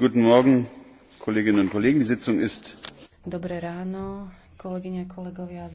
Guten Morgen, Kolleginnen und Kollegen. Die Sitzung ist. Dobré ráno, kolegyne, kolegovia.